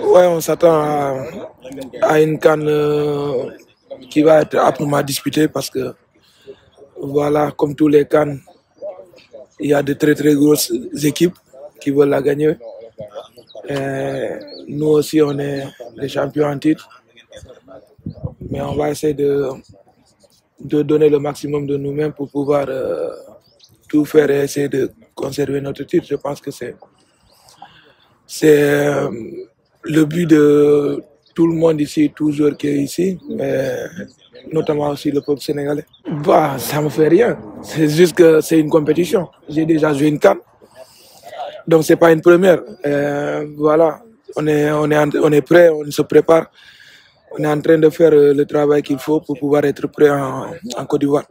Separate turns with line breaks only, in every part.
Oui, on s'attend à, une canne euh, qui va être âprement disputée parce que, voilà, comme tous les cannes, il y a de très très grosses équipes qui veulent la gagner. nous aussi, on est les champions en titre. Mais on va essayer de, de donner le maximum de nous-mêmes pour pouvoir euh, tout faire et essayer de conserver notre titre. Je pense que c'est c'est euh, le but de tout le monde ici, toujours qui est ici, mais notamment aussi le peuple sénégalais, bah, ça me fait rien. C'est juste que c'est une compétition. J'ai déjà joué une canne, donc c'est pas une première. Euh, voilà, on est, on, est, on est prêt, on se prépare. On est en train de faire euh, le travail qu'il faut pour pouvoir être prêt en, Côte d'Ivoire.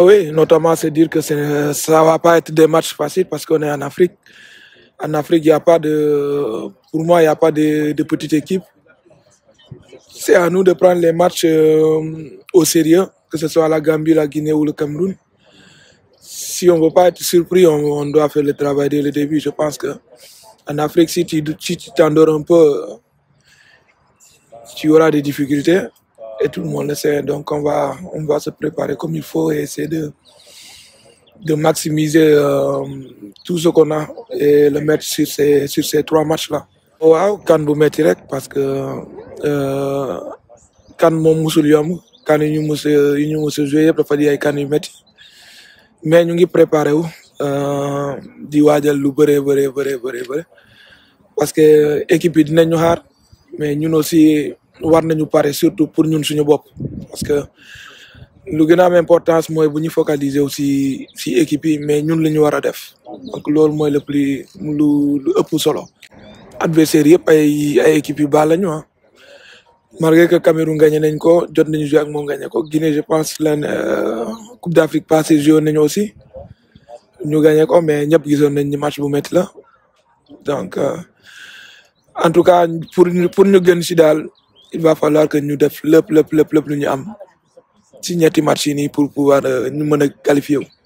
Oui, notamment c'est dire que euh, ça va pas être des matchs faciles parce qu'on est en Afrique. En Afrique, il n'y a pas de. Pour moi, il n'y a pas de, de petite équipe. C'est à nous de prendre les matchs euh, au sérieux, que ce soit la Gambie, la Guinée ou le Cameroun. Si on ne veut pas être surpris, on, doit faire le travail dès le début. Je pense que en Afrique, si tu t'endors un peu, tu auras des difficultés. Et tout le monde le sait. Donc on va, on va se préparer comme il faut et essayer de, de maximiser euh, tout ce qu'on a et le mettre sur ces, sur ces trois matchs-là. waaw kan vous mettez rek parce que euh, kan moom musul yomb kan yu ñu mus yu ñu mus a joué yëpp dafa di ay kan yu métti mais ñu ngi préparé euh, di waajal lu bëree bëree bëree bëree parce que équipe yi dinañu xaar mais ñun aussi war nañu pare surtout pour ñun suñu bopp parce que lu gën a Moi, importance focaliser aussi si équipe mais ñun li ñu def donc loolu moi, le plus lu lu ëpp solo. adversaire yëpp ay équipe équipes yu baax ah. malgré que Cameroun gagné nañ ko jot nañu joué ak moom gagné ko Guinée je pense la euh, Coupe d'Afrique passée joué nañu aussi ñu gagné ko mais ñëpp gisoon nañ ni match bu métti la donc euh, en tout cas pour pour ñu gën si daal il va falloir que ñu def lépp lépp lépp lépp lu ñu am. ci ñetti match yi nii pour pouvoir euh, ñu mën a qualifier wu.